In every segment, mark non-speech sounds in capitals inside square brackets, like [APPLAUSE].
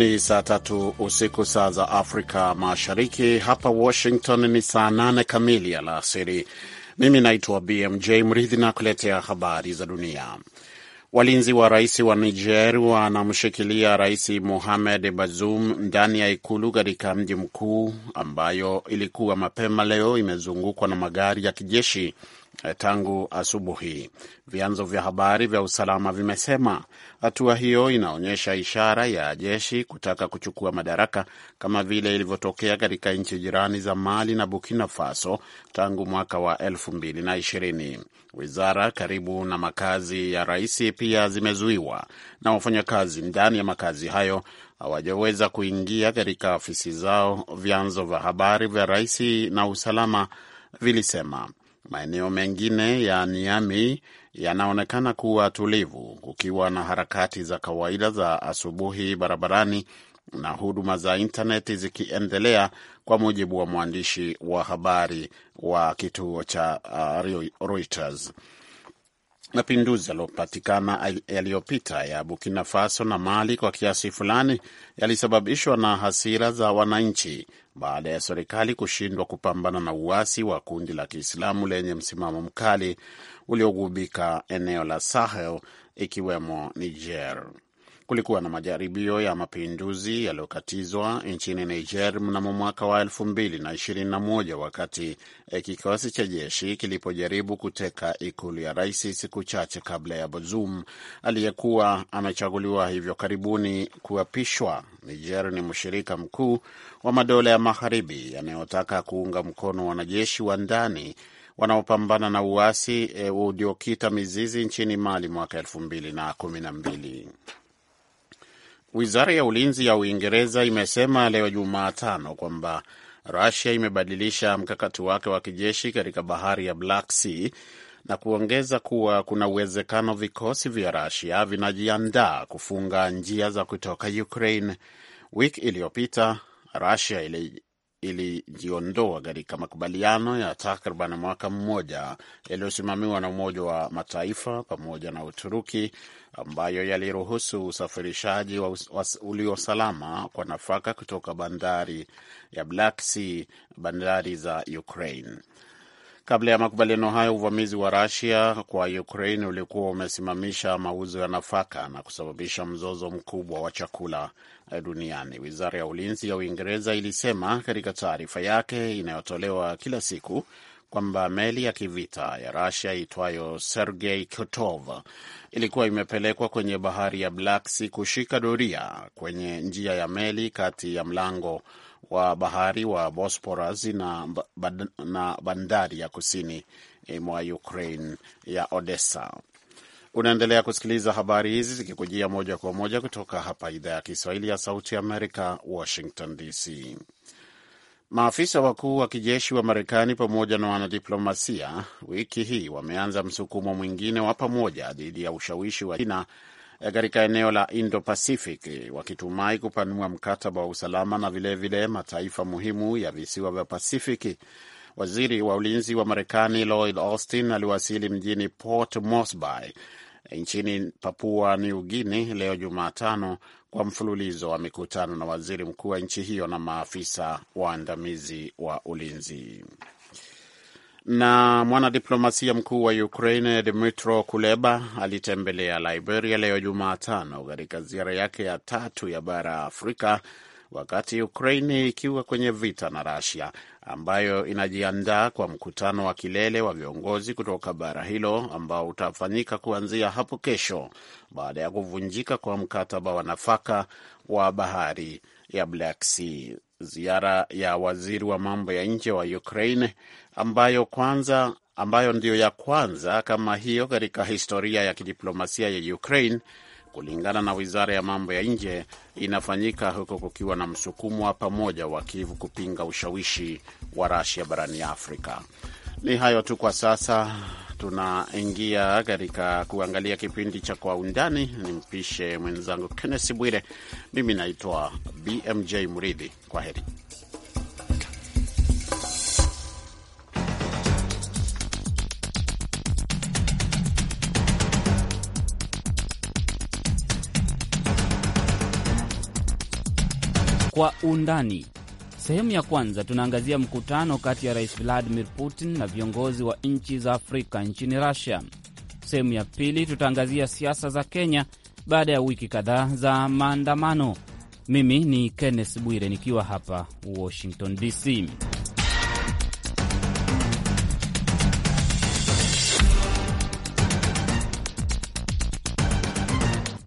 Ni saa tatu usiku saa za Afrika Mashariki. Hapa Washington ni saa nane kamili alasiri. Mimi naitwa BMJ Mridhi na kuletea habari za dunia. Walinzi wa rais wa Niger wanamshikilia Rais Mohamed Bazoum ndani ya ikulu katika mji mkuu, ambayo ilikuwa mapema leo imezungukwa na magari ya kijeshi Eh, tangu asubuhi. Vyanzo vya habari vya usalama vimesema hatua hiyo inaonyesha ishara ya jeshi kutaka kuchukua madaraka kama vile ilivyotokea katika nchi jirani za Mali na Burkina Faso tangu mwaka wa ishirini Wizara karibu na makazi ya rais pia zimezuiwa na wafanyakazi ndani ya makazi hayo hawajaweza kuingia katika ofisi zao, vyanzo vya habari vya rais na usalama vilisema. Maeneo mengine ya Niami yanaonekana kuwa tulivu, kukiwa na harakati za kawaida za asubuhi barabarani na huduma za intaneti zikiendelea, kwa mujibu wa mwandishi wa habari wa kituo cha uh, Reuters. Mapinduzi yaliyopatikana yaliyopita ya Burkina Faso na Mali kwa kiasi fulani yalisababishwa na hasira za wananchi baada ya serikali kushindwa kupambana na uasi wa kundi la Kiislamu lenye msimamo mkali uliogubika eneo la Sahel ikiwemo Niger kulikuwa na majaribio ya mapinduzi yaliyokatizwa nchini Niger mnamo mwaka wa moja wakati e, kikosi cha jeshi kilipojaribu kuteka ikulu ya rais siku chache kabla ya Bazoum aliyekuwa amechaguliwa hivyo karibuni kuapishwa. Niger ni mshirika mkuu wa madola ya magharibi yanayotaka kuunga mkono wanajeshi wa ndani wanaopambana na uasi e, uliokita mizizi nchini Mali mwaka elfu mbili na kumi na mbili. Wizara ya ulinzi ya Uingereza imesema leo Jumatano kwamba Rusia imebadilisha mkakati wake wa kijeshi katika bahari ya Black Sea na kuongeza kuwa kuna uwezekano vikosi vya Rusia vinajiandaa kufunga njia za kutoka Ukraine. Wiki iliyopita Rusia ilijiondoa katika makubaliano ya takriban mwaka mmoja yaliyosimamiwa na Umoja wa Mataifa pamoja na Uturuki ambayo yaliruhusu usafirishaji uliosalama kwa nafaka kutoka bandari ya Black Sea, bandari za Ukraine. Kabla ya makubaliano hayo, uvamizi wa Rusia kwa Ukraine ulikuwa umesimamisha mauzo ya nafaka na kusababisha mzozo mkubwa wa chakula duniani. Wizara ya ulinzi ya Uingereza ilisema katika taarifa yake inayotolewa kila siku kwamba meli ya kivita ya Rusia itwayo Sergei Kotov ilikuwa imepelekwa kwenye bahari ya Black Sea kushika doria kwenye njia ya meli kati ya mlango wa bahari wa Bosporus na, na bandari ya kusini eh, mwa Ukraine ya Odessa. Unaendelea kusikiliza habari hizi zikikujia moja kwa moja kutoka hapa idhaa ya Kiswahili ya Sauti Amerika, Washington DC. Maafisa wakuu wa kijeshi wa Marekani pamoja na wanadiplomasia wiki hii wameanza msukumo mwingine wa pamoja dhidi ya ushawishi wa China katika eneo la Indo Pacific, wakitumai kupanua mkataba wa usalama na vilevile vile mataifa muhimu ya visiwa vya Pasifiki. Waziri wa ulinzi wa Marekani Lloyd Austin aliwasili mjini Port Moresby nchini Papua New Guinea leo Jumatano kwa mfululizo wa mikutano na waziri mkuu wa nchi hiyo na maafisa waandamizi wa ulinzi. Na mwanadiplomasia mkuu wa Ukraine Dmytro Kuleba alitembelea Liberia leo Jumatano katika ziara yake ya tatu ya bara ya Afrika wakati Ukraine ikiwa kwenye vita na Russia ambayo inajiandaa kwa mkutano wa kilele wa viongozi kutoka bara hilo ambao utafanyika kuanzia hapo kesho baada ya kuvunjika kwa mkataba wa nafaka wa bahari ya Black Sea ziara ya waziri wa mambo ya nje wa Ukraine ambayo kwanza ambayo ndiyo ya kwanza kama hiyo katika historia ya kidiplomasia ya Ukraine kulingana na wizara ya mambo ya nje, inafanyika huko kukiwa na msukumo wa pamoja wa kivu kupinga ushawishi wa rasia barani Afrika. Ni hayo tu kwa sasa. Tunaingia katika kuangalia kipindi cha Kwa Undani. Nimpishe mwenzangu kennes Bwire. Mimi naitwa BMJ Mridhi, Kwa heri. Kwa Undani Sehemu ya kwanza tunaangazia mkutano kati ya Rais Vladimir Putin na viongozi wa nchi za Afrika nchini Russia. Sehemu ya pili tutaangazia siasa za Kenya baada ya wiki kadhaa za maandamano. Mimi ni Kenneth Bwire nikiwa hapa Washington DC.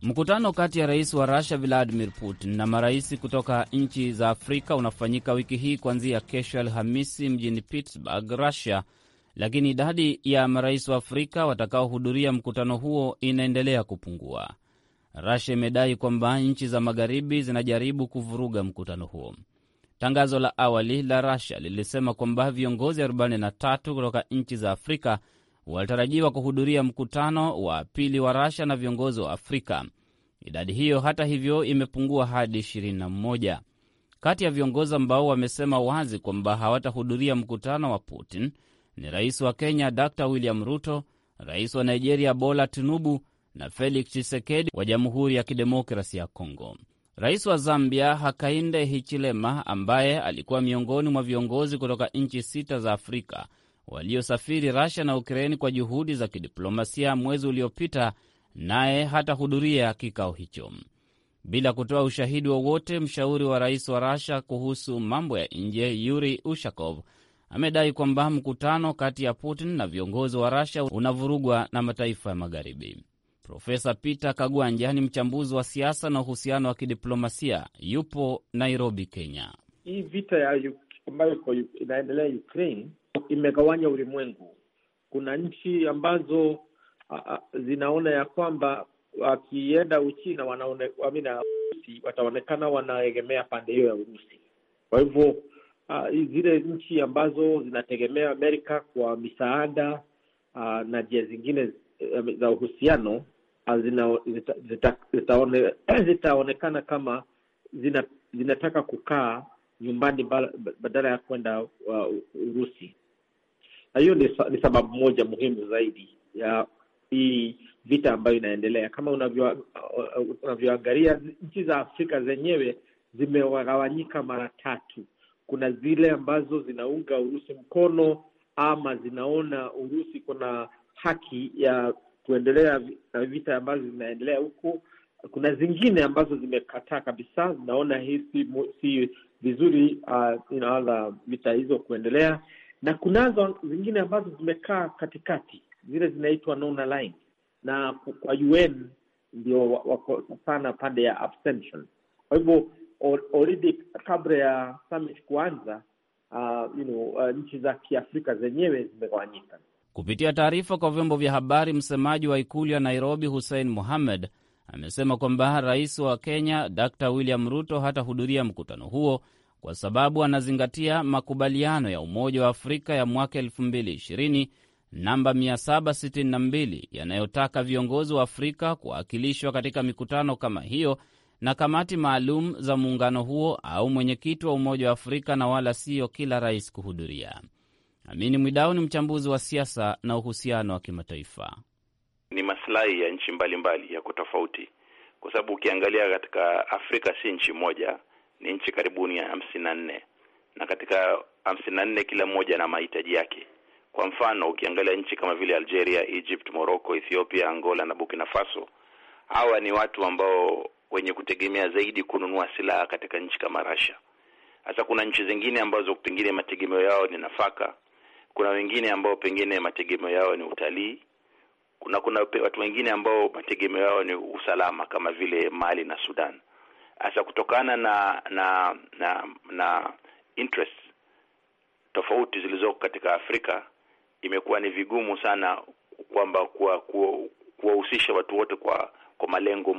Mkutano kati ya rais wa Rusia Vladimir Putin na marais kutoka nchi za Afrika unafanyika wiki hii kuanzia kesho Alhamisi mjini Pittsburgh, Rusia, lakini idadi ya marais wa Afrika watakaohudhuria mkutano huo inaendelea kupungua. Rusia imedai kwamba nchi za magharibi zinajaribu kuvuruga mkutano huo. Tangazo la awali la Rusia lilisema kwamba viongozi 43 kutoka nchi za Afrika walitarajiwa kuhudhuria mkutano wa pili wa Rasha na viongozi wa Afrika. Idadi hiyo hata hivyo imepungua hadi 21. Kati ya viongozi ambao wamesema wazi kwamba hawatahudhuria mkutano wa Putin ni rais wa Kenya Dr William Ruto, rais wa Nigeria Bola Tinubu na Felix Tshisekedi wa Jamhuri ya Kidemokrasi ya Kongo. Rais wa Zambia Hakainde Hichilema, ambaye alikuwa miongoni mwa viongozi kutoka nchi sita za Afrika waliosafiri rasia na Ukraini kwa juhudi za kidiplomasia mwezi uliopita, naye hatahudhuria kikao hicho. Bila kutoa ushahidi wowote, mshauri wa rais wa rasha kuhusu mambo ya nje Yuri Ushakov amedai kwamba mkutano kati ya Putin na viongozi wa rasha unavurugwa na mataifa ya Magharibi. Profesa Peter Kagwanja ni mchambuzi wa siasa na uhusiano wa kidiplomasia, yupo Nairobi, Kenya. Hii vita ambayo inaendelea Ukraine imegawanya ulimwengu. Kuna nchi ambazo a, a, zinaona ya kwamba wakienda Uchina wanaone, Urusi wataonekana wanaegemea pande hiyo ya Urusi. Kwa hivyo zile nchi ambazo zinategemea Amerika kwa misaada a, na njia zingine za uhusiano zitaonekana zita, zita zita [CLEARS THROAT] kama zina, zinataka kukaa nyumbani badala ya kwenda uh, na hiyo ni sababu moja muhimu zaidi ya hii vita ambayo inaendelea. Kama unavyoangalia, nchi za Afrika zenyewe zimewagawanyika mara tatu. Kuna zile ambazo zinaunga Urusi mkono ama zinaona Urusi kuna haki ya kuendelea na vita ambazo zinaendelea huko. Kuna zingine ambazo zimekataa kabisa, zinaona hii si vizuri, uh, inaanza vita hizo kuendelea na kunazo zingine ambazo zimekaa katikati, zile zinaitwa non-aligned, na kwa UN ndio wako sana pande ya abstention. Kwa hivyo already kabla ya summit kuanza, uh, you know, uh, nchi za Kiafrika zenyewe zimegawanyika. Kupitia taarifa kwa vyombo vya habari, msemaji wa ikulu ya Nairobi Hussein Mohamed amesema kwamba rais wa Kenya Dr. William Ruto hatahudhuria mkutano huo kwa sababu anazingatia makubaliano ya Umoja wa Afrika ya mwaka 2020 namba 762 yanayotaka viongozi wa Afrika kuwakilishwa katika mikutano kama hiyo na kamati maalum za muungano huo au mwenyekiti wa Umoja wa Afrika na wala siyo kila rais kuhudhuria. Amini Mwidau ni mchambuzi wa siasa na uhusiano wa kimataifa. Ni masilahi ya nchi mbalimbali mbali, yako tofauti, kwa sababu ukiangalia katika Afrika si nchi moja ni nchi karibuni ya hamsini na nne na katika hamsini na nne kila mmoja na mahitaji yake. Kwa mfano, ukiangalia nchi kama vile Algeria, Egypt, Morocco, Ethiopia, Angola na Burkina Faso, hawa ni watu ambao wenye kutegemea zaidi kununua silaha katika nchi kama rasia Sasa kuna nchi zingine ambazo pengine mategemeo yao ni nafaka, kuna wengine ambao pengine mategemeo yao ni utalii, kuna kuna watu wengine ambao mategemeo yao ni usalama kama vile Mali na Sudan hasa kutokana na na na na interest tofauti zilizoko katika Afrika, imekuwa ni vigumu sana kwamba kuwahusisha kuwa watu wote kwa kwa malengo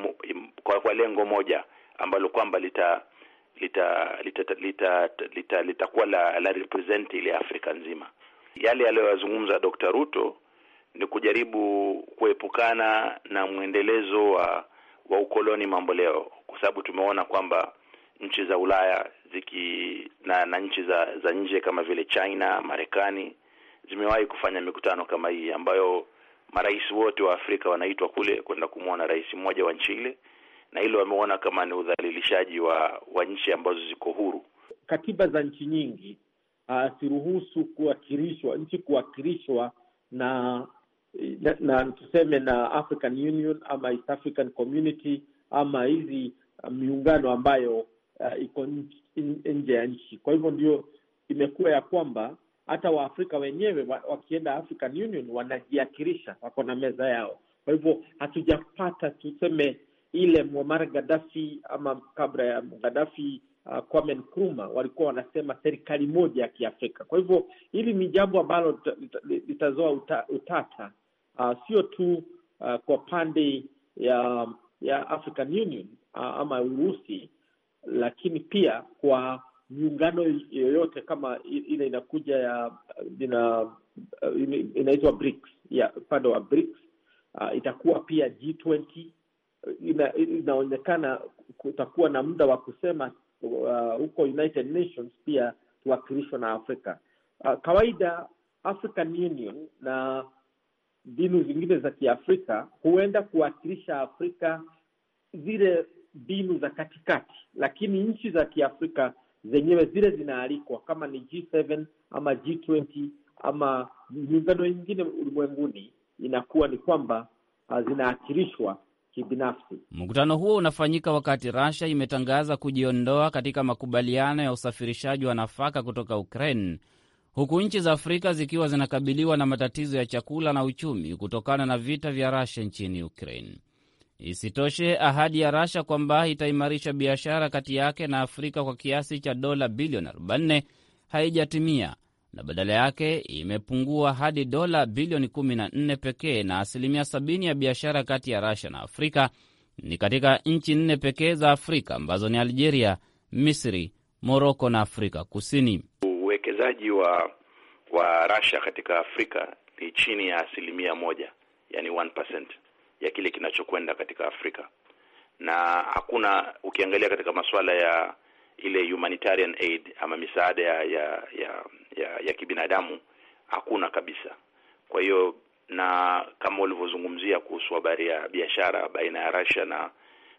kwa, kwa lengo moja ambalo kwamba lita litakuwa lita, lita, lita, lita la, la represent ile Afrika nzima. Yale aliyozungumza Dr. Ruto ni kujaribu kuepukana na mwendelezo wa wa ukoloni mambo leo, kwa sababu tumeona kwamba nchi za Ulaya ziki na, na nchi za za nje kama vile China, Marekani zimewahi kufanya mikutano kama hii ambayo marais wote wa Afrika wanaitwa kule kwenda kumwona rais mmoja wa nchi ile, na hilo wameona kama ni udhalilishaji wa wa nchi ambazo ziko huru. Katiba za nchi nyingi ah, siruhusu kuwakilishwa nchi kuwakilishwa na na, na tuseme na African Union ama East African Community ama hizi uh, miungano ambayo uh, iko nje ya nchi. Kwa hivyo ndio imekuwa ya kwamba hata Waafrika wenyewe wakienda African Union wanajiakirisha, wako na meza yao. Kwa hivyo hatujapata tuseme ile Muammar Gaddafi ama kabla ya Gaddafi uh, Kwame Nkrumah walikuwa wanasema serikali moja ya Kiafrika. Kwa hivyo hili ni jambo ambalo litazoa uta, utata Ah, sio tu uh, kwa pande ya ya African Union uh, ama Urusi, lakini pia kwa miungano yoyote kama ile inakuja ya ina, inaitwa BRICS ya upande wa BRICS uh, itakuwa pia G20 ina, inaonekana kutakuwa na muda wa kusema uh, huko United Nations pia kuwakilishwa na Afrika. Uh, kawaida African Union na mbinu zingine za Kiafrika huenda kuwakilisha Afrika zile mbinu za katikati, lakini nchi za Kiafrika zenyewe zile zinaalikwa kama ni G7 ama G20 ama miungano mingine ulimwenguni, inakuwa ni kwamba ah, zinaakilishwa kibinafsi. Mkutano huo unafanyika wakati Russia imetangaza kujiondoa katika makubaliano ya usafirishaji wa nafaka kutoka Ukraine huku nchi za Afrika zikiwa zinakabiliwa na matatizo ya chakula na uchumi kutokana na vita vya Rasha nchini Ukraine. Isitoshe, ahadi ya Rasha kwamba itaimarisha biashara kati yake na Afrika kwa kiasi cha dola bilioni 40 haijatimia na badala yake imepungua hadi dola bilioni 14 pekee, na asilimia 70 ya biashara kati ya Rasha na Afrika ni katika nchi nne pekee za Afrika ambazo ni Algeria, Misri, Moroko na Afrika Kusini uwekezaji wa wa Russia katika Afrika ni chini ya asilimia moja, yani 1% ya kile kinachokwenda katika Afrika, na hakuna ukiangalia katika masuala ya ile humanitarian aid ama misaada ya ya ya, ya, ya kibinadamu hakuna kabisa. Kwa hiyo na kama ulivyozungumzia kuhusu habari ya biashara baina ya Russia na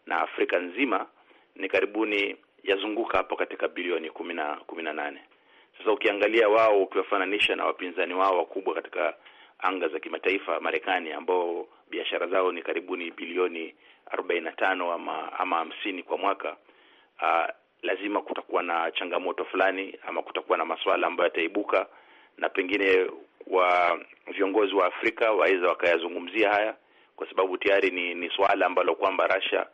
na Afrika nzima ni karibuni yazunguka hapo katika bilioni kumi na kumi na nane. Sasa ukiangalia wao, ukiwafananisha na wapinzani wao wakubwa katika anga za kimataifa, Marekani ambao biashara zao ni karibuni bilioni arobaini na tano ama ama hamsini kwa mwaka aa, ah, lazima kutakuwa na changamoto fulani ama kutakuwa na masuala ambayo yataibuka, na pengine wa viongozi wa Afrika waweza wakayazungumzia haya, kwa sababu tayari ni, ni suala ambalo kwamba Russia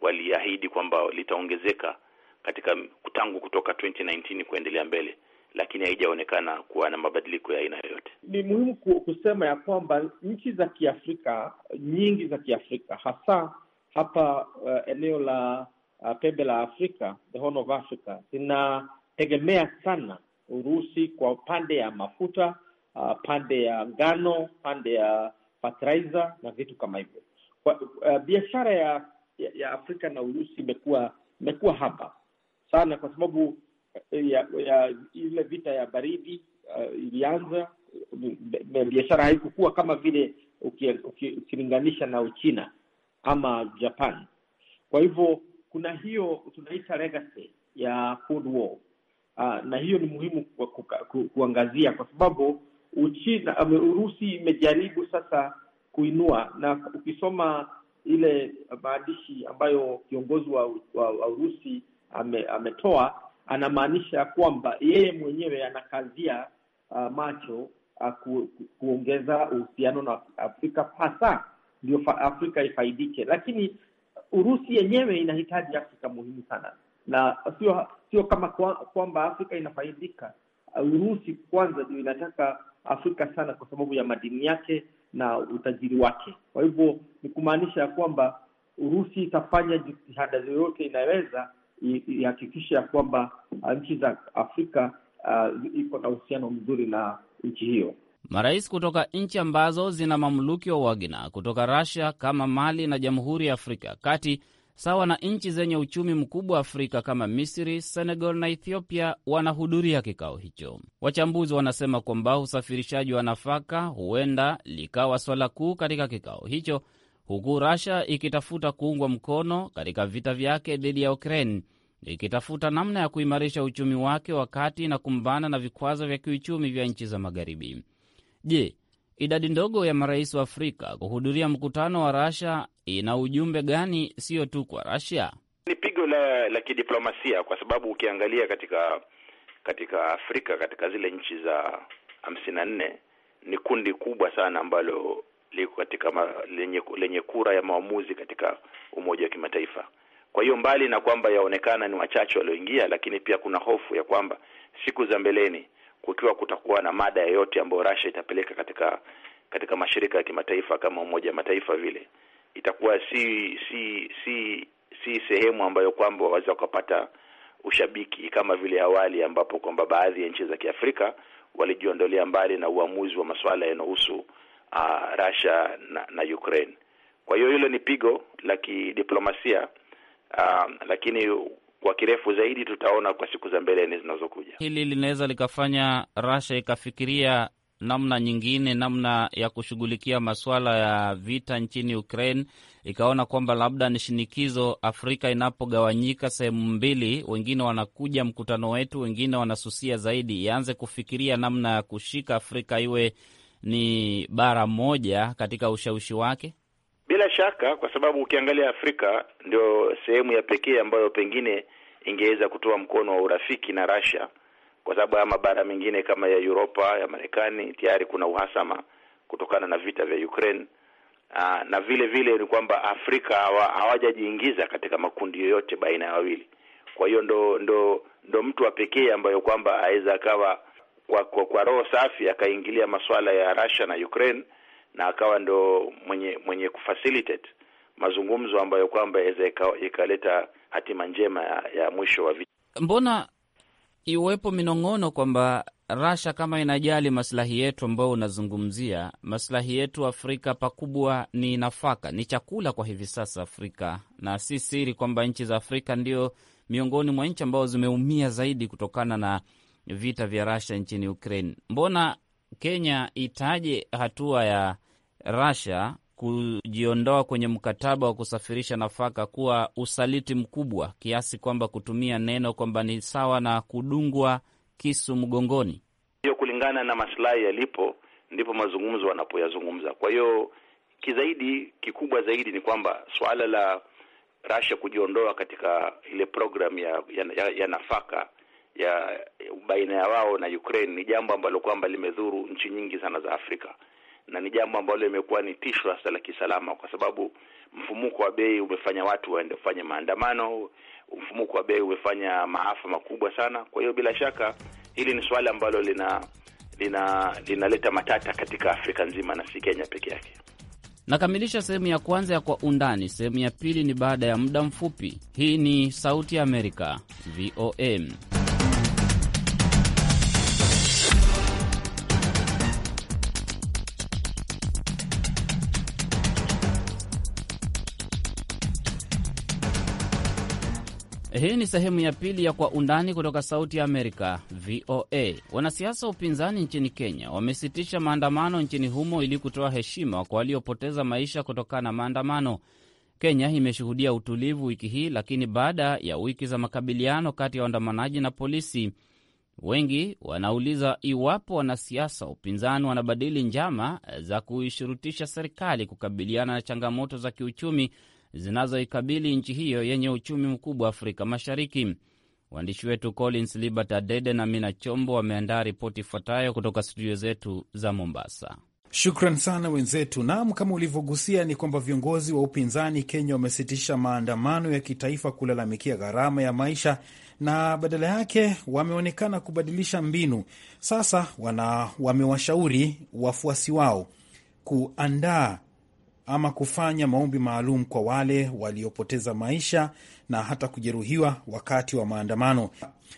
waliahidi kwamba litaongezeka katika tangu kutoka 2019 kuendelea mbele lakini haijaonekana kuwa na mabadiliko ya aina yoyote. Ni muhimu kusema ya kwamba nchi za Kiafrika nyingi za Kiafrika hasa hapa uh, eneo la uh, pembe la Afrika, the Horn of Africa, zinategemea sana Urusi kwa pande ya mafuta uh, pande ya ngano, pande ya fertilizer na vitu kama hivyo. Uh, biashara ya, ya Afrika na Urusi imekuwa imekuwa haba sana kwa sababu ya, ya ile vita ya baridi uh, ilianza. Biashara haikukuwa kama vile ukilinganisha na Uchina ama Japan. Kwa hivyo kuna hiyo tunaita legacy ya Cold War. Uh, na hiyo ni muhimu kwa kuka, ku, kuangazia kwa sababu Uchina, um, Urusi imejaribu sasa kuinua, na ukisoma ile maandishi ambayo kiongozi wa, wa, wa Urusi ame, ametoa anamaanisha kwamba yeye mwenyewe anakazia uh, macho uh, ku, ku, kuongeza uhusiano na Afrika hasa ndio Afrika ifaidike, lakini Urusi yenyewe inahitaji Afrika muhimu sana, na sio sio kama kwamba kwa Afrika inafaidika. Urusi kwanza ndio inataka Afrika sana kwa sababu ya madini yake na utajiri wake. Kwa hivyo ni kumaanisha ya kwamba Urusi itafanya jitihada zoyote inaweza ihakikishe ya kwamba uh, nchi za Afrika uh, iko na uhusiano mzuri na nchi hiyo. Marais kutoka nchi ambazo zina mamluki wa Wagner kutoka Russia kama Mali na Jamhuri ya Afrika Kati, sawa na nchi zenye uchumi mkubwa wa Afrika kama Misri, Senegal na Ethiopia wanahudhuria kikao hicho. Wachambuzi wanasema kwamba usafirishaji wa nafaka huenda likawa swala kuu katika kikao hicho huku rasha ikitafuta kuungwa mkono katika vita vyake dhidi ya Ukraine, ikitafuta namna ya kuimarisha uchumi wake wakati na kumbana na vikwazo vya kiuchumi vya nchi za Magharibi. Je, idadi ndogo ya marais wa Afrika kuhudhuria mkutano wa rasha ina ujumbe gani, sio tu kwa Russia? Ni pigo la, la kidiplomasia kwa sababu ukiangalia katika katika Afrika katika zile nchi za hamsini na nne ni kundi kubwa sana ambalo liko katika ma, lenye, lenye kura ya maamuzi katika Umoja wa Kimataifa. Kwa hiyo mbali na kwamba yaonekana ni wachache walioingia, lakini pia kuna hofu ya kwamba siku za mbeleni kukiwa kutakuwa na mada yoyote ambayo Russia itapeleka katika katika mashirika ya kimataifa kama Umoja wa Mataifa vile itakuwa si si si si sehemu ambayo kwamba waweza kupata ushabiki kama vile awali ambapo kwamba baadhi ya nchi za Kiafrika walijiondolea mbali na uamuzi wa masuala yanayohusu uh, Russia na, na Ukraine. Kwa hiyo hilo ni pigo la kidiplomasia uh, lakini kwa kirefu zaidi tutaona kwa siku za mbeleni zinazokuja. Hili linaweza likafanya Russia ikafikiria namna nyingine, namna ya kushughulikia masuala ya vita nchini Ukraine, ikaona kwamba labda ni shinikizo. Afrika inapogawanyika sehemu mbili, wengine wanakuja mkutano wetu, wengine wanasusia zaidi, ianze kufikiria namna ya kushika Afrika iwe ni bara moja katika ushawishi wake? Bila shaka, kwa sababu ukiangalia Afrika ndio sehemu ya pekee ambayo pengine ingeweza kutoa mkono wa urafiki na Russia, kwa sababu haya mabara mengine kama ya Europa, ya Marekani tayari kuna uhasama kutokana na vita vya Ukraine. Aa, ah, na vile vile ni kwamba Afrika hawajajiingiza katika makundi yoyote baina ya wawili. Kwa hiyo ndo ndo ndo mtu wa pekee ambayo kwamba aweza akawa kwa, kwa, kwa roho safi akaingilia masuala ya Russia na Ukraine na akawa ndo mwenye mwenye kufacilitate mazungumzo ambayo kwamba yaweza ikaleta hatima njema ya, ya mwisho wa vita. Mbona iwepo minong'ono kwamba Russia kama inajali maslahi yetu ambayo unazungumzia, maslahi yetu Afrika pakubwa ni nafaka, ni chakula kwa hivi sasa Afrika, na si siri kwamba nchi za Afrika ndio miongoni mwa nchi ambazo zimeumia zaidi kutokana na vita vya rasha nchini Ukraine. Mbona Kenya itaje hatua ya rasha kujiondoa kwenye mkataba wa kusafirisha nafaka kuwa usaliti mkubwa kiasi kwamba kutumia neno kwamba ni sawa na kudungwa kisu mgongoni? Hiyo kulingana na masilahi yalipo, ndipo mazungumzo wanapoyazungumza. Kwa hiyo kizaidi kikubwa zaidi ni kwamba suala la Russia kujiondoa katika ile programu ya, ya, ya, ya nafaka ya baina ya wao na Ukraine ni jambo ambalo kwamba limedhuru nchi nyingi sana za Afrika na ni jambo ambalo limekuwa ni tisho hasa la kisalama, kwa sababu mfumuko wa bei umefanya watu waende kufanya maandamano. Mfumuko wa bei umefanya maafa makubwa sana. Kwa hiyo bila shaka hili ni swala ambalo lina lina linaleta matata katika Afrika nzima na si Kenya peke yake. Nakamilisha sehemu ya kwanza ya Kwa Undani. Sehemu ya pili ni baada ya muda mfupi. Hii ni Sauti ya Amerika, VOM. Hii ni sehemu ya pili ya Kwa Undani kutoka Sauti ya Amerika, VOA. Wanasiasa wa upinzani nchini Kenya wamesitisha maandamano nchini humo ili kutoa heshima kwa waliopoteza maisha kutokana na maandamano. Kenya imeshuhudia utulivu wiki hii, lakini baada ya wiki za makabiliano kati ya waandamanaji na polisi, wengi wanauliza iwapo wanasiasa wa upinzani wanabadili njama za kuishurutisha serikali kukabiliana na changamoto za kiuchumi zinazoikabili nchi hiyo yenye uchumi mkubwa Afrika Mashariki. Waandishi wetu Collins Libert Adede na Mina Chombo wameandaa ripoti ifuatayo kutoka studio zetu za Mombasa. Shukran sana wenzetu. Naam, kama ulivyogusia ni kwamba viongozi wa upinzani Kenya wamesitisha maandamano ya kitaifa kulalamikia gharama ya maisha na badala yake wameonekana kubadilisha mbinu. Sasa wana wamewashauri wafuasi wao kuandaa ama kufanya maombi maalum kwa wale waliopoteza maisha na hata kujeruhiwa wakati wa maandamano.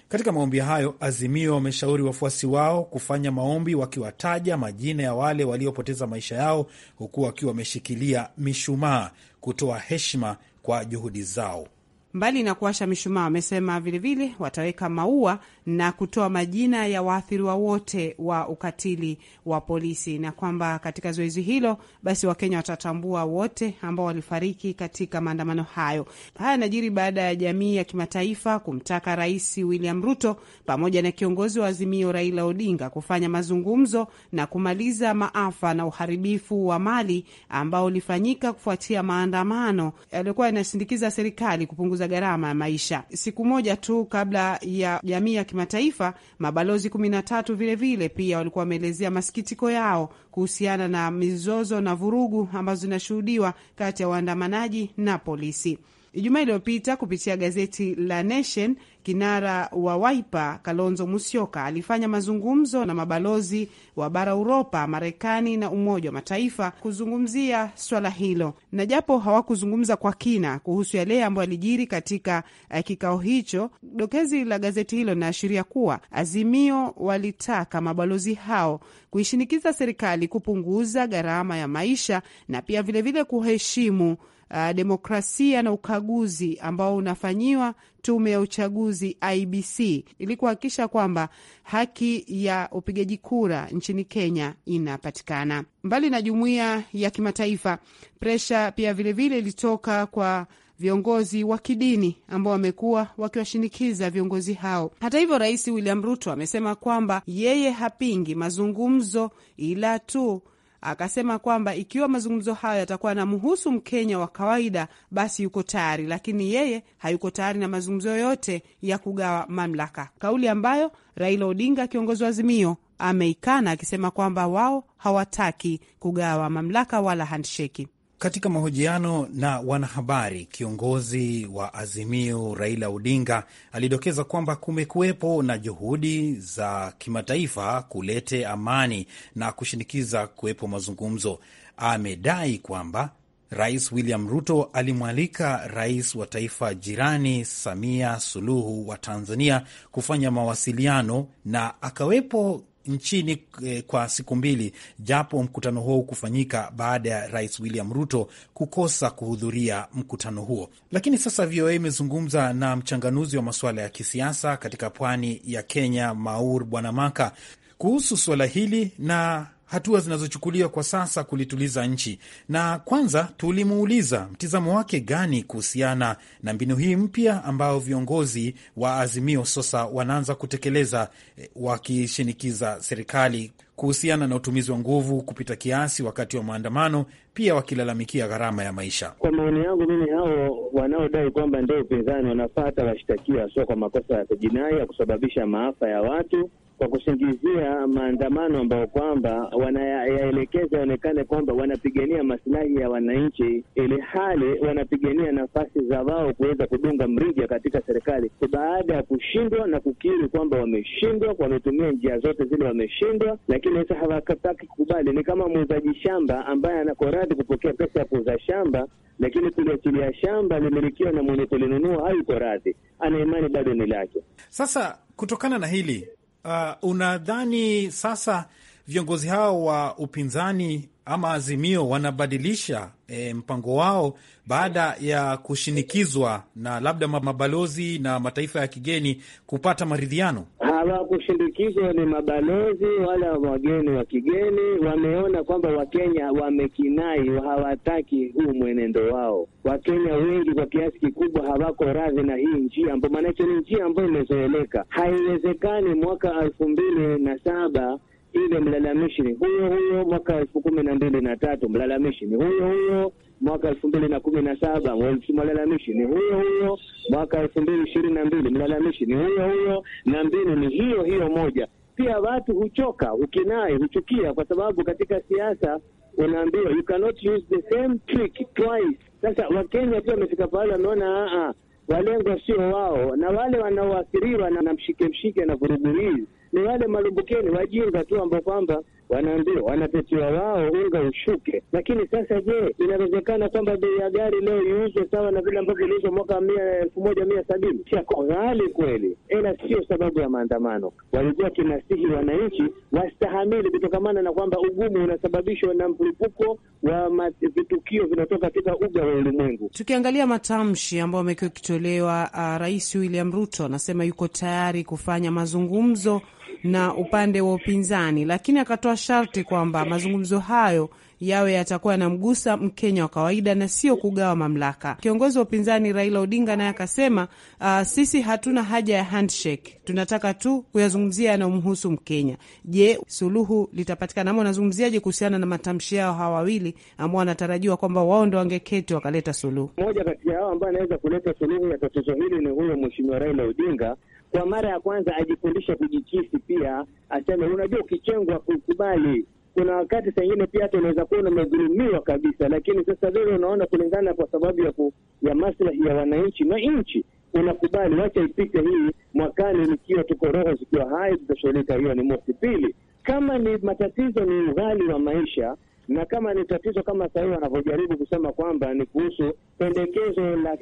Katika maombi hayo, Azimio wameshauri wafuasi wao kufanya maombi wakiwataja majina ya wale waliopoteza maisha yao, huku wakiwa wameshikilia mishumaa kutoa heshima kwa juhudi zao. Mbali na kuwasha mishumaa, wamesema vilevile wataweka maua na kutoa majina ya waathiriwa wote wa ukatili wa polisi, na kwamba katika zoezi hilo basi Wakenya watatambua wote ambao walifariki katika maandamano hayo. Haya yanajiri baada ya jamii ya kimataifa kumtaka Rais William Ruto pamoja na kiongozi wa Azimio Raila Odinga kufanya mazungumzo na kumaliza maafa na uharibifu wa mali ambao ulifanyika kufuatia maandamano yaliyokuwa yanasindikiza serikali kupunguza kupunguza gharama ya maisha. Siku moja tu kabla ya jamii ya kimataifa, mabalozi kumi na tatu vilevile pia walikuwa wameelezea masikitiko yao kuhusiana na mizozo na vurugu ambazo zinashuhudiwa kati ya waandamanaji na polisi. Ijumaa iliyopita kupitia gazeti la Nation, kinara wa Waipa Kalonzo Musyoka alifanya mazungumzo na mabalozi wa bara Uropa, Marekani na Umoja wa Mataifa kuzungumzia swala hilo, na japo hawakuzungumza kwa kina kuhusu yale ambayo yalijiri katika eh, kikao hicho, dokezi la gazeti hilo linaashiria kuwa Azimio walitaka mabalozi hao kuishinikiza serikali kupunguza gharama ya maisha na pia vilevile kuheshimu uh, demokrasia na ukaguzi ambao unafanyiwa tume ya uchaguzi IBC ili kuhakikisha kwamba haki ya upigaji kura nchini Kenya inapatikana. Mbali na jumuiya ya kimataifa, presha pia vilevile ilitoka vile kwa viongozi wa kidini ambao wamekuwa wakiwashinikiza viongozi hao. Hata hivyo, Rais William Ruto amesema kwamba yeye hapingi mazungumzo, ila tu Akasema kwamba ikiwa mazungumzo hayo yatakuwa yanamhusu Mkenya wa kawaida, basi yuko tayari, lakini yeye hayuko tayari na mazungumzo yoyote ya kugawa mamlaka, kauli ambayo Raila Odinga, kiongozi wa Azimio, ameikana akisema kwamba wao hawataki kugawa mamlaka wala handsheki. Katika mahojiano na wanahabari, kiongozi wa Azimio Raila Odinga alidokeza kwamba kumekuwepo na juhudi za kimataifa kulete amani na kushinikiza kuwepo mazungumzo. Amedai kwamba Rais William Ruto alimwalika rais wa taifa jirani Samia Suluhu wa Tanzania kufanya mawasiliano na akawepo nchini eh, kwa siku mbili, japo mkutano huo hukufanyika baada ya Rais William Ruto kukosa kuhudhuria mkutano huo. Lakini sasa VOA imezungumza na mchanganuzi wa masuala ya kisiasa katika pwani ya Kenya, Maur Bwanamaka, kuhusu suala hili na hatua zinazochukuliwa kwa sasa kulituliza nchi, na kwanza tulimuuliza mtizamo wake gani kuhusiana na mbinu hii mpya ambayo viongozi wa Azimio sasa wanaanza kutekeleza eh, wakishinikiza serikali kuhusiana na utumizi wa nguvu kupita kiasi wakati wa maandamano, pia wakilalamikia gharama ya maisha. Kwa maoni yangu mimi, hao wanaodai kwamba ndio upinzani wanafata washtakiwa, sio kwa makosa ya kijinai ya kusababisha maafa ya watu kwa kusingizia maandamano ambayo kwamba wanayaelekeza yaonekane kwamba wanapigania masilahi ya wananchi, ili hali wanapigania nafasi za wao kuweza kudunga mrija katika serikali. Baada ya kushindwa na kukiri kwamba wameshindwa, wametumia njia zote zile, wameshindwa, lakini sasa hawakataki kukubali. Ni kama muuzaji shamba ambaye anako radhi kupokea pesa ya kuuza shamba, lakini kuliachilia shamba limilikiwa na mwenye kulinunua hayuko radhi, ana imani bado ni lake. Sasa kutokana na hili Uh, unadhani sasa viongozi hao wa upinzani ama Azimio wanabadilisha e, mpango wao baada ya kushinikizwa na labda mabalozi na mataifa ya kigeni kupata maridhiano? hawakushindikizwa ni mabalozi wala wageni wa kigeni. Wameona kwamba Wakenya wamekinai, hawataki huu mwenendo wao. Wakenya wengi kwa kiasi kikubwa hawako radhi na hii njia ambayo, maanake ni njia ambayo imezoeleka. Haiwezekani mwaka elfu mbili na saba ile mlalamishi ni huyo huyo, mwaka elfu kumi na mbili na tatu mlalamishi ni huyo huyo mwaka elfu mbili na kumi na saba mlalamishi ni huyo huyo, mwaka elfu mbili ishirini na mbili mlalamishi ni huyo huyo, na mbinu ni hiyo hiyo moja. Pia watu huchoka, ukinai, huchukia, kwa sababu katika siasa unaambiwa you cannot use the same trick twice. Sasa Wakenya pia wamefika pahali wameona ah, ah, walengwa sio wao, na wale wanaoathiriwa na mshike mshike na vurugu hizi ni wale malumbukeni wajinga tu ambao kwamba wanaambiwa wanapetiwa wao unga ushuke. Lakini sasa, je, inawezekana kwamba bei ya gari leo iuzwe sawa na vile ambavyo iliuzwa mwaka mia elfu moja mia sabini? Chako ghali kweli, ila sio sababu ya maandamano. Walikuwa kinasihi wananchi wastahamili kutokamana na kwamba ugumu unasababishwa na mlipuko wa vitukio vinatoka katika uga wa ulimwengu. Tukiangalia matamshi ambayo amekuwa ikitolewa, uh, Rais William Ruto anasema yuko tayari kufanya mazungumzo na upande wa upinzani, lakini akatoa sharti kwamba mazungumzo hayo yawe yatakuwa yanamgusa Mkenya wa kawaida na sio kugawa mamlaka. Kiongozi wa upinzani Raila Odinga naye akasema, uh, sisi hatuna haja ya handshake, tunataka tu kuyazungumzia yanayomhusu Mkenya. Je, suluhu litapatikana ama unazungumziaje kuhusiana na matamshi yao hawa wawili ambao wanatarajiwa kwamba wao ndo wangeketi wakaleta suluhu? Mmoja kati ya hao ambaye anaweza kuleta suluhu ya tatizo hili ni huyo Mheshimiwa Raila Odinga kwa mara ya kwanza ajifundishe kujikisi pia, aseme unajua, ukichengwa kukubali. Kuna wakati sengine pia hata unaweza kuwa umedhulumiwa kabisa, lakini sasa vile unaona kulingana, kwa sababu ya, ku, ya maslahi ya wananchi na nchi unakubali, wacha ipite hii. Mwakani nikiwa tuko roho zikiwa hai tutashughulika. Hiyo ni mosi. Pili, kama ni matatizo ni ughali wa maisha na kama ni tatizo kama sasa hivi wanavyojaribu kusema kwamba ni kuhusu pendekezo la,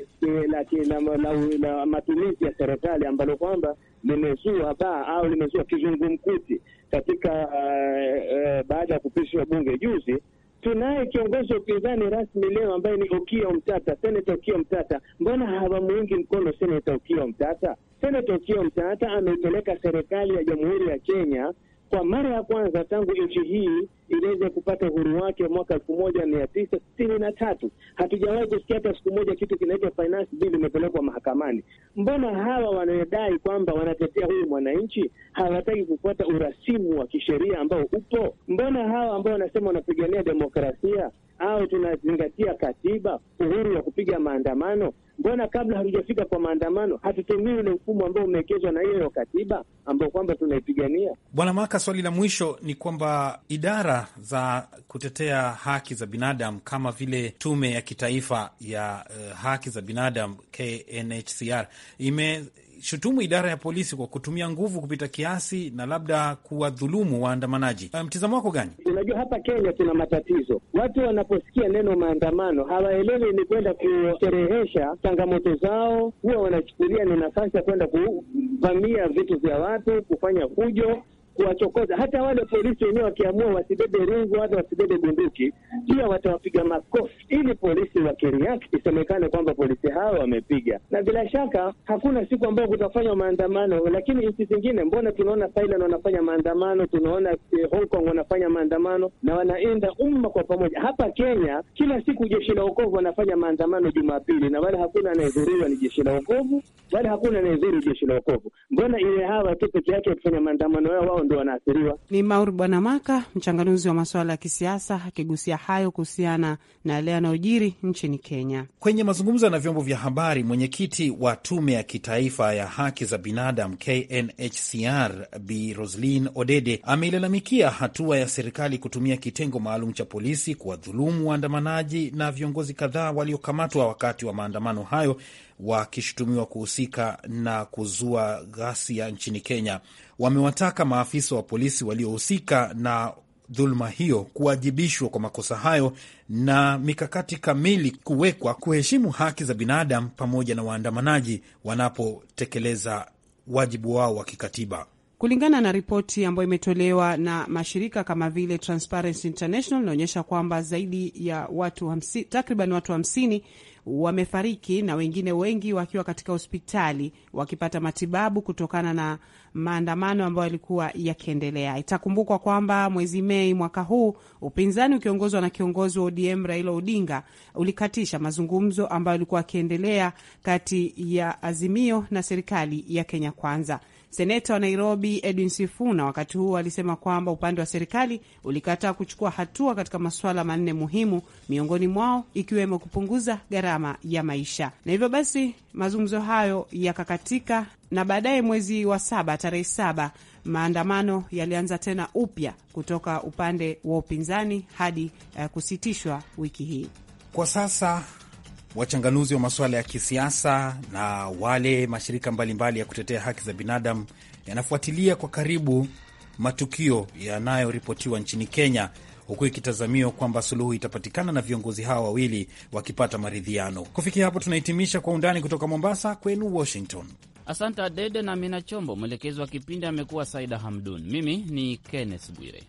la, la, la, la matumizi ya serikali ambalo kwamba limezua baa au limezua kizungumkuti katika uh, uh, baada ya kupitishwa bunge juzi. Tunaye kiongozi wa upinzani rasmi leo ambaye ni Okiya Mtata, seneta Okiya Mtata. Mbona hawamuungi mkono seneta Okiya Mtata? Seneta Okiya Mtata ameipeleka serikali ya Jamhuri ya Kenya kwa mara ya kwanza tangu nchi hii iliweza kupata uhuru wake mwaka elfu moja mia tisa sitini na tatu hatujawahi kusikia hata siku moja kitu kinaitwa finance bill imepelekwa mahakamani. Mbona hawa wanaodai kwamba wanatetea huyu mwananchi hawataki kufuata urasimu wa kisheria ambao upo? Mbona hawa ambao wanasema wanapigania demokrasia au tunazingatia katiba, uhuru wa kupiga maandamano? Mbona kabla hatujafika kwa maandamano hatutumii ule mfumo ambao umewekezwa na hiyo katiba ambao kwamba tunaipigania? Bwana Maka, swali la mwisho ni kwamba idara za kutetea haki za binadamu kama vile Tume ya Kitaifa ya uh, Haki za Binadamu, KNHCR ime shutumu idara ya polisi kwa kutumia nguvu kupita kiasi na labda kuwadhulumu waandamanaji. Eh, mtizamo wako gani? Unajua, hapa Kenya tuna matatizo. Watu wanaposikia neno maandamano hawaelewi ni kwenda kusherehesha changamoto zao, huwa wanachukulia ni nafasi ya kwenda kuvamia vitu vya watu, kufanya fujo kuwachokoza. Hata wale polisi wenyewe wakiamua wasibebe rungu, hata wasibebe bunduki, pia watawapiga makofi, ili polisi wakireact isemekane kwamba polisi hawa wamepiga. Na bila shaka hakuna siku ambayo kutafanywa maandamano, lakini nchi zingine, mbona tunaona Thailand wanafanya maandamano, tunaona eh, Hong Kong wanafanya maandamano na wanaenda umma kwa pamoja. Hapa Kenya kila siku jeshi la wokovu wanafanya maandamano Jumapili, na wale hakuna anayedhuriwa ni jeshi la wokovu, wale hakuna anayedhuru jeshi la wokovu. Mbona ile hawa tu peke yake wakifanya maandamano yao wao ndio wanaathiriwa. Ni Maur Bwana Maka, mchanganuzi wa masuala ya kisiasa, akigusia hayo kuhusiana na yale yanayojiri nchini Kenya. Kwenye mazungumzo na vyombo vya habari, mwenyekiti wa tume ya kitaifa ya haki za binadamu KNHCR Bi Roslin Odede ameilalamikia hatua ya serikali kutumia kitengo maalum cha polisi kuwadhulumu waandamanaji na viongozi kadhaa waliokamatwa wakati wa maandamano hayo wakishutumiwa kuhusika na kuzua ghasia nchini Kenya. Wamewataka maafisa wa polisi waliohusika na dhuluma hiyo kuwajibishwa kwa makosa hayo na mikakati kamili kuwekwa kuheshimu haki za binadamu pamoja na waandamanaji wanapotekeleza wajibu wao wa kikatiba. Kulingana na ripoti ambayo imetolewa na mashirika kama vile Transparency International inaonyesha kwamba zaidi ya watu takriban watu hamsini wamefariki na wengine wengi wakiwa katika hospitali wakipata matibabu kutokana na maandamano ambayo yalikuwa yakiendelea. Itakumbukwa kwamba mwezi Mei mwaka huu upinzani ukiongozwa na kiongozi wa ODM Raila Odinga ulikatisha mazungumzo ambayo yalikuwa yakiendelea kati ya Azimio na serikali ya Kenya Kwanza. Seneta wa Nairobi Edwin Sifuna wakati huo alisema kwamba upande wa serikali ulikataa kuchukua hatua katika masuala manne muhimu, miongoni mwao ikiwemo kupunguza gharama ya maisha, na hivyo basi mazungumzo hayo yakakatika, na baadaye mwezi wa saba tarehe saba maandamano yalianza tena upya kutoka upande wa upinzani hadi uh, kusitishwa wiki hii. Kwa sasa wachanganuzi wa masuala ya kisiasa na wale mashirika mbalimbali mbali ya kutetea haki za binadamu yanafuatilia kwa karibu matukio yanayoripotiwa nchini Kenya, huku ikitazamiwa kwamba suluhu itapatikana na viongozi hawa wawili wakipata maridhiano. Kufikia hapo, tunahitimisha Kwa Undani kutoka Mombasa. Kwenu Washington, asante Adede na Mina Chombo. Mwelekezi wa kipindi amekuwa Saida Hamdun, mimi ni Kenneth Bwire.